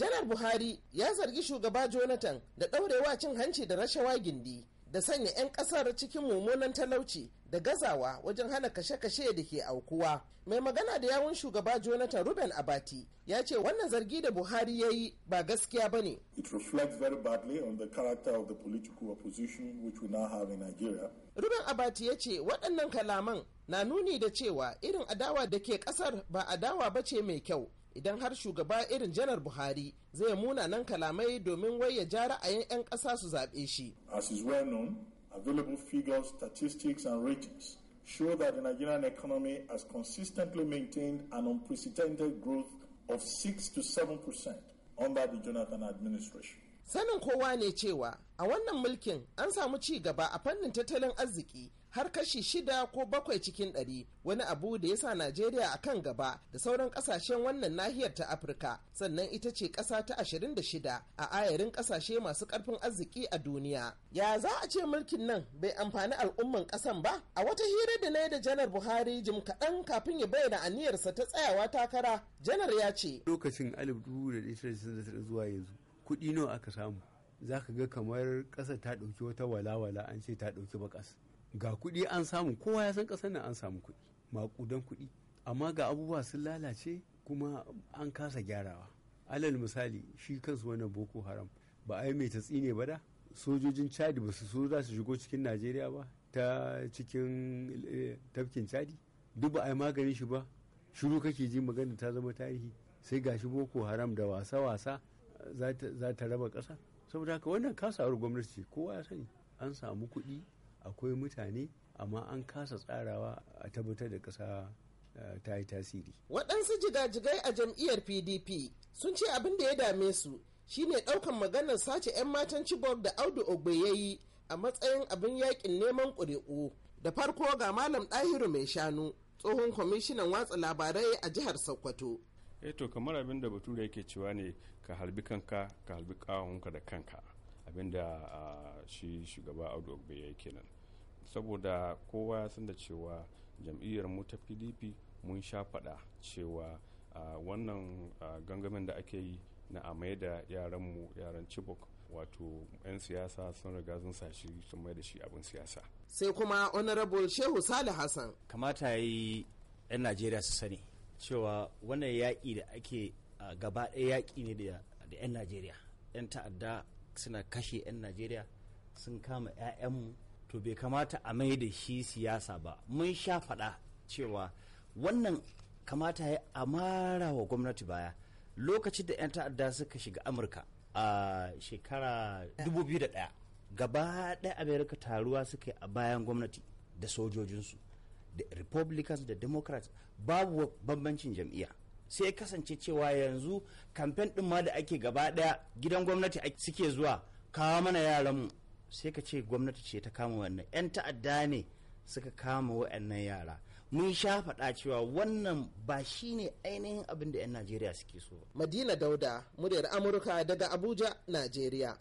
janar buhari ya zargi shugaba jonathan da ɗaurewa cin hanci da rashawa gindi da sanya 'yan kasar cikin mummunan talauci da gazawa wajen hana kashe-kashe da ke aukuwa mai magana da yawun shugaba jonathan ruben abati ya ce wannan zargi da buhari ya yi ba gaskiya ba ne ruben abati ya ce waɗannan kalaman na nuni da cewa irin adawa da ke ƙasar ba adawa ba ce mai kyau idan har shugaba irin janar buhari zai munanan kalamai domin wai ya ja ra'ayin 'yan ƙasa su zaɓe shi as is well known available figures statistics and ratings show that the nigerian economy has consistently maintained an unprecedented growth of 6 to 7 percent under the jonathan administration Sanin kowa ne cewa a wannan mulkin an samu ci gaba a fannin tattalin arziki har kashi shida ko bakwai cikin ɗari wani abu da ya sa Najeriya a kan gaba da sauran ƙasashen wannan nahiyar ta Afirka sannan ita ce ƙasa ta ashirin da shida a ayarin ƙasashe masu ƙarfin arziki a duniya. Ya za a ce mulkin nan bai amfani al'umman ƙasan ba? A wata hira da na da Janar Buhari jim kaɗan kafin ya bayyana aniyarsa ta tsayawa takara, Janar ya ce. Lokacin 1993 zuwa yanzu kuɗi nawa aka samu za ka ga kamar ƙasa ta ɗauki wata walawala an ce ta ɗauki baƙas ga kuɗi an samu kowa ya san ƙasar nan an samu kuɗi maƙudan kuɗi amma ga abubuwa sun lalace kuma an kasa gyarawa alal misali shi kansu wannan boko haram ba a yi mai tatsi ne ba da sojojin chadi ba su so za su shigo cikin najeriya ba ta cikin eh, tafkin chadi duk ba a yi maganin shi ba shiru kake ji magana ta zama tarihi sai ga shi boko haram da wasa-wasa za ta raba ƙasa saboda haka wannan kasawar gwamnati kowa ya sani an samu kuɗi akwai mutane amma an kasa tsarawa a tabbatar da ƙasa eh, ta yi tasiri waɗansu jigajigai a jam'iyyar pdp sun ce abin da ya dame su shine ɗaukan maganar sace 'yan matan chibok da audu ogbe ya yi a matsayin abin yakin neman ƙuri'u da farko ga malam ɗahiru mai shanu tsohon kwamishinan watsa labarai a jihar sokoto eh to kamar abin da bature yake cewa ne ka halbi kanka ka halbi kawunka da kanka abin da shi shugaba audu ogbe ya kenan saboda kowa ya san da cewa jam'iyyar mu ta pdp mun sha faɗa cewa wannan gangamin da ake yi na amai da yaran mu yaran chibok wato 'yan siyasa sun riga sun sashi sun mai da shi abin siyasa sai kuma honorable shehu salih hassan kamata yi 'yan najeriya su sani cewa wannan yaƙi da ake gaba ɗaya yaƙi ne da 'yan najeriya 'yan ta'adda suna kashe 'yan najeriya sun kama 'ya'yanmu to bai kamata a mai da shi siyasa ba mun sha faɗa cewa wannan kamata ya amara wa gwamnati baya lokacin da 'yan ta'adda suka shiga amurka a shekara 2001 gaba ɗaya amerika taruwa suka yi a bayan gwamnati da sojojinsu da republicans da democrats babu bambancin jam'iyya sai kasance cewa yanzu kamfen ɗin ma da ake gaba ɗaya gidan gwamnati suke zuwa kawo mana yaranmu sai ka ce gwamnati ce ta kama wannan 'yan ta'adda ne suka kama wa'annan yara mun sha faɗa cewa wannan ba shi ne ainihin abin da 'yan najeriya suke so madina dauda muryar amurka daga abuja najeriya